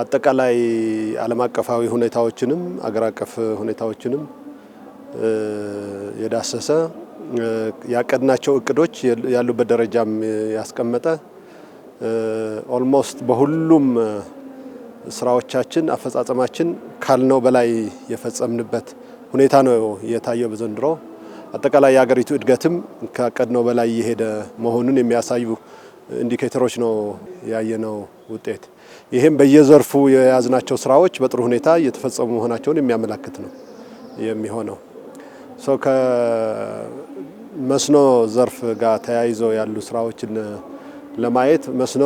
አጠቃላይ ዓለም አቀፋዊ ሁኔታዎችንም አገር አቀፍ ሁኔታዎችንም የዳሰሰ ያቀድናቸው እቅዶች ያሉበት ደረጃም ያስቀመጠ ኦልሞስት በሁሉም ስራዎቻችን አፈጻጸማችን ካልነው በላይ የፈጸምንበት ሁኔታ ነው የታየው በዘንድሮ። አጠቃላይ የሀገሪቱ እድገትም ካቀድነው በላይ እየሄደ መሆኑን የሚያሳዩ ኢንዲኬተሮች ነው ያየነው ውጤት። ይህም በየዘርፉ የያዝናቸው ስራዎች በጥሩ ሁኔታ እየተፈጸሙ መሆናቸውን የሚያመላክት ነው የሚሆነው። ከመስኖ ዘርፍ ጋር ተያይዘው ያሉ ስራዎችን ለማየት መስኖ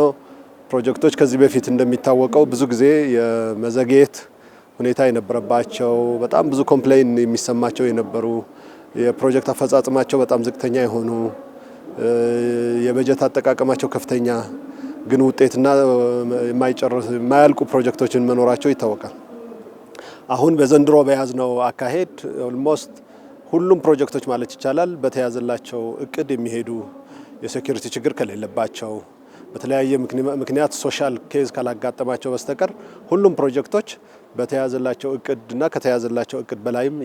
ፕሮጀክቶች ከዚህ በፊት እንደሚታወቀው ብዙ ጊዜ የመዘግየት ሁኔታ የነበረባቸው በጣም ብዙ ኮምፕሌን የሚሰማቸው የነበሩ የፕሮጀክት አፈጻጽማቸው በጣም ዝቅተኛ የሆኑ የበጀት አጠቃቀማቸው ከፍተኛ ግን ውጤትና የማይጨርስ የማያልቁ ፕሮጀክቶችን መኖራቸው ይታወቃል። አሁን በዘንድሮ በያዝነው አካሄድ ኦልሞስት ሁሉም ፕሮጀክቶች ማለት ይቻላል በተያዘላቸው እቅድ የሚሄዱ የሴኩሪቲ ችግር ከሌለባቸው በተለያየ ምክንያት ሶሻል ኬዝ ካላጋጠማቸው በስተቀር ሁሉም ፕሮጀክቶች በተያዘላቸው እቅድ እና ከተያዘላቸው እቅድ በላይም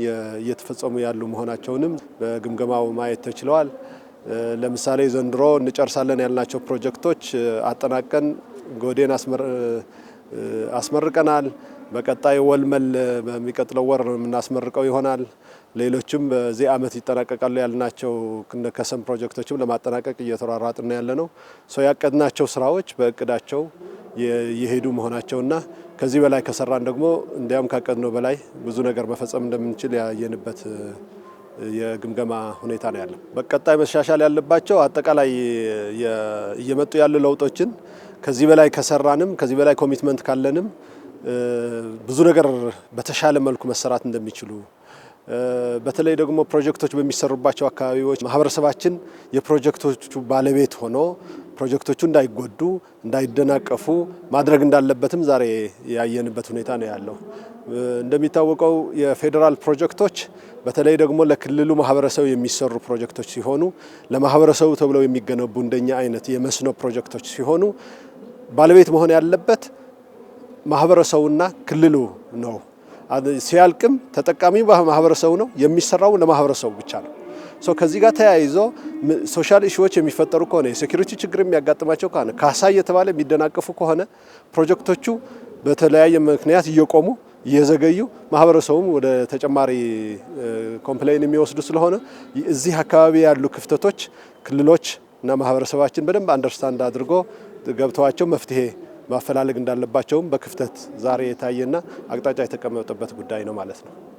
እየተፈጸሙ ያሉ መሆናቸውንም በግምገማው ማየት ተችለዋል። ለምሳሌ ዘንድሮ እንጨርሳለን ያልናቸው ፕሮጀክቶች አጠናቀን ጎዴን አስመርቀናል። በቀጣይ ወልመል በሚቀጥለው ወር የምናስመርቀው ይሆናል። ሌሎችም በዚህ አመት ይጠናቀቃሉ ያልናቸው ከሰም ፕሮጀክቶችም ለማጠናቀቅ እየተሯሯጥና ያለ ነው። ሰው ያቀድናቸው ስራዎች በእቅዳቸው የሄዱ መሆናቸውና ከዚህ በላይ ከሰራን ደግሞ እንዲያም ካቀድነው በላይ ብዙ ነገር መፈጸም እንደምንችል ያየንበት የግምገማ ሁኔታ ነው ያለው። በቀጣይ መሻሻል ያለባቸው አጠቃላይ እየመጡ ያሉ ለውጦችን ከዚህ በላይ ከሰራንም ከዚህ በላይ ኮሚትመንት ካለንም ብዙ ነገር በተሻለ መልኩ መሰራት እንደሚችሉ በተለይ ደግሞ ፕሮጀክቶች በሚሰሩባቸው አካባቢዎች ማህበረሰባችን የፕሮጀክቶቹ ባለቤት ሆኖ ፕሮጀክቶቹ እንዳይጎዱ እንዳይደናቀፉ ማድረግ እንዳለበትም ዛሬ ያየንበት ሁኔታ ነው ያለው። እንደሚታወቀው የፌዴራል ፕሮጀክቶች በተለይ ደግሞ ለክልሉ ማህበረሰብ የሚሰሩ ፕሮጀክቶች ሲሆኑ ለማህበረሰቡ ተብለው የሚገነቡ እንደኛ አይነት የመስኖ ፕሮጀክቶች ሲሆኑ ባለቤት መሆን ያለበት ማህበረሰቡና ክልሉ ነው። ሲያልቅም ተጠቃሚ ማህበረሰቡ ነው። የሚሰራው ለማህበረሰቡ ብቻ ነው። ከዚህ ጋር ተያይዞ ሶሻል ኢሹዎች የሚፈጠሩ ከሆነ የሴኩሪቲ ችግር የሚያጋጥማቸው ከሆነ ካሳ እየተባለ የሚደናቀፉ ከሆነ ፕሮጀክቶቹ በተለያየ ምክንያት እየቆሙ እየዘገዩ ማህበረሰቡም ወደ ተጨማሪ ኮምፕሌን የሚወስዱ ስለሆነ እዚህ አካባቢ ያሉ ክፍተቶች ክልሎች እና ማህበረሰባችን በደንብ አንደርስታንድ አድርጎ ገብተዋቸው መፍትሄ ማፈላለግ እንዳለባቸውም በክፍተት ዛሬ የታየና አቅጣጫ የተቀመጠበት ጉዳይ ነው ማለት ነው።